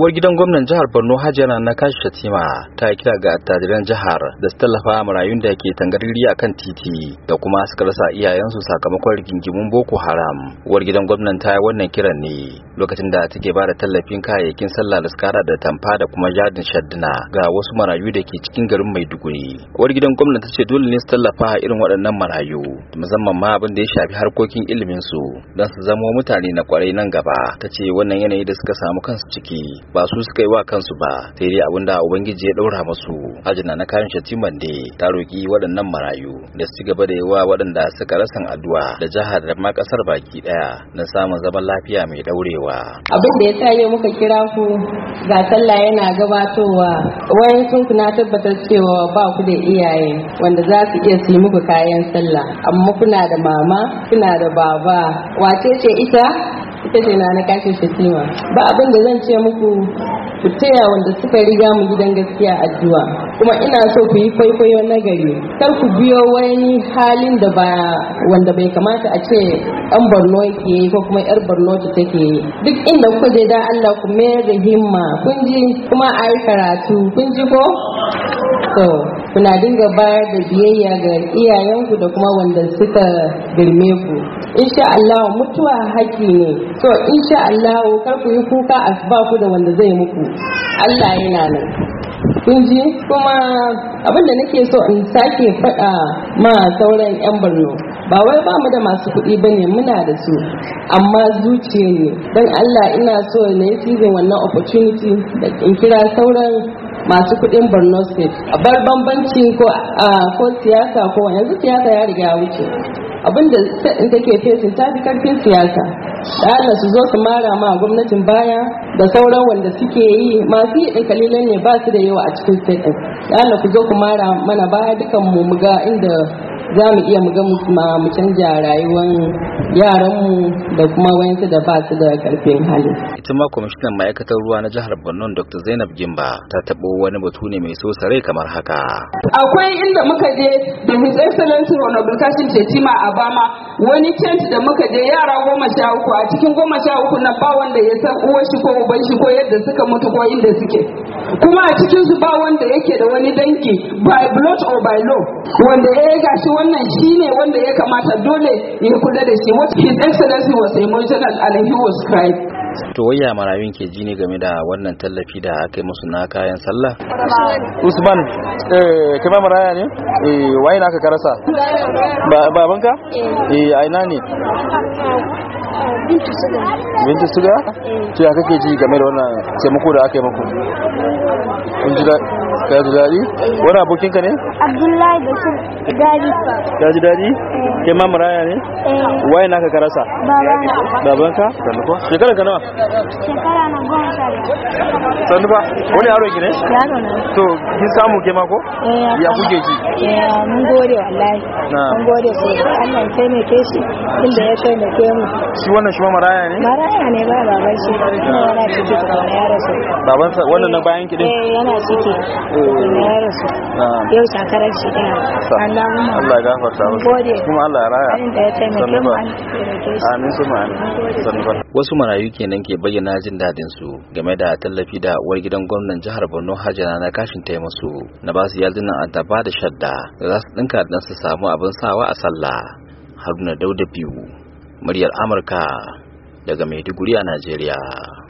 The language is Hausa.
uwar gidan gwamnan jihar borno Hajiya na kashi shatima ta yi kira ga attajiran jihar da su tallafa marayun da ke tangariri a kan titi da kuma suka rasa iyayensu sakamakon rigingimun boko haram uwar gidan gwamnan ta yi wannan kiran ne lokacin da take ba da tallafin kayayyakin sallah da skara da tamfa da kuma yadin shaddina ga wasu marayu da ke cikin garin maiduguri uwar gidan gwamnan ta ce dole ne su tallafa irin waɗannan marayu musamman ma abin da ya shafi harkokin ilimin su don su zamo mutane na kwarai nan gaba ta ce wannan yanayi da suka samu kansu ciki ba su suka yi wa kansu ba sai dai abinda ubangiji ya daura musu ajina na kayan shatiman da ta roki waɗannan marayu da su gaba da yawa waɗanda suka rasan addu'a da jihar da ma ƙasar baki ɗaya na samun zaman lafiya mai ɗaurewa. abin da ya sa yau muka kira ku ga sallah yana gabatowa wayan sun kuna tabbatar cewa ba ku da iyaye wanda za su iya su muku kayan sallah amma kuna da mama kuna da baba wace ce ita ita ce na na kashe shatima ba abin da zan ce muku ku taya wanda suka riga mu gidan gaskiya addu'a kuma ina so ku yi kwaikwayo na gari kar ku biyo wani halin da ba wanda bai kamata a ce ɗan borno ke yi ko kuma yar borno ta take yi duk inda kuka je da Allah ku mayar da himma kun ji kuma a karatu kun ji ko to kuna dinga bayar da biyayya ga iyayenku da kuma wanda suka girme ku insha Allah mutuwa haƙi ne so insha Allah kar ku yi kuka a ba ku da wanda zai muku Allah yana nan kun ji kuma abin da nake so in sake faɗa ma sauran 'yan Borno ba wai ba mu da masu kuɗi ba ne muna da su amma zuciya ne don Allah ina so na yi wannan opportunity da in kira sauran masu kuɗin borno state a bar bambanci ko siyasa ko yanzu siyasa ya riga wuce abinda take fesin ta fi karfin siyasa da su zo su mara ma gwamnatin baya da sauran wanda suke yi masu yi kalilan ne ba su da yawa a cikin state da ku zo ku mara mana baya dukan mu muga inda za mu iya muga mu canja rayuwar yaranmu da kuma wayansu da ba su da karfin hali ita ma kwamishinan ma'aikatar ruwa na jihar borno dr zainab gimba ta tabo wani batu ne mai so rai kamar haka akwai inda muka je da his excellency honorable kashim a abama wani tent da muka je yara goma sha uku a cikin goma sha uku na ba wanda ya san uwar shi ko uban shi ko yadda suka mutu ko inda suke kuma a cikin su ba wanda yake da wani danki by blood or by law wanda ya gashi wannan shine wanda ya kamata dole ya kula da shi what his excellency was emotional and he was crying to waya marayun ke ji ne game da wannan tallafi da aka yi musu na kayan sallah usman eh kai maraya ne eh waye na ka karasa babanka eh, eh aina ne bintu suga eh. to ya kake ji game da wannan taimako da aka yi muku ka ji daɗi wani abokin ka ne abdullahi bashir daɗi ka ji daɗi eh. ke ma maraya ne eh. waye naka ka rasa baban ka shekara ka nawa shekara na goma sha sannu ba wani yaro ki ne yaro na to kin samu ke ma ko eh, ya kuke ji mun gode wallahi mun gode sosai Allah ya taimake shi inda ya taimake mu shi wannan shi ma maraya ne maraya ne ba baban shi yana ciki tukuna ya rasu baban sa wannan na bayan ki din yana ciki yau shi ɗaya Allah Allah ya gafarta kuma Allah ya raya da ya amin wasu marayu kenan ke bayyana jin dadin su game da tallafi da uwar gidan gwamnan jihar Borno Hajara na kashin taya musu na ba su yaldunan addaba da shadda da za su dinka dan su samu abin sawa a sallah Haruna Dauda biyu muryar Amurka daga Maiduguri a Najeriya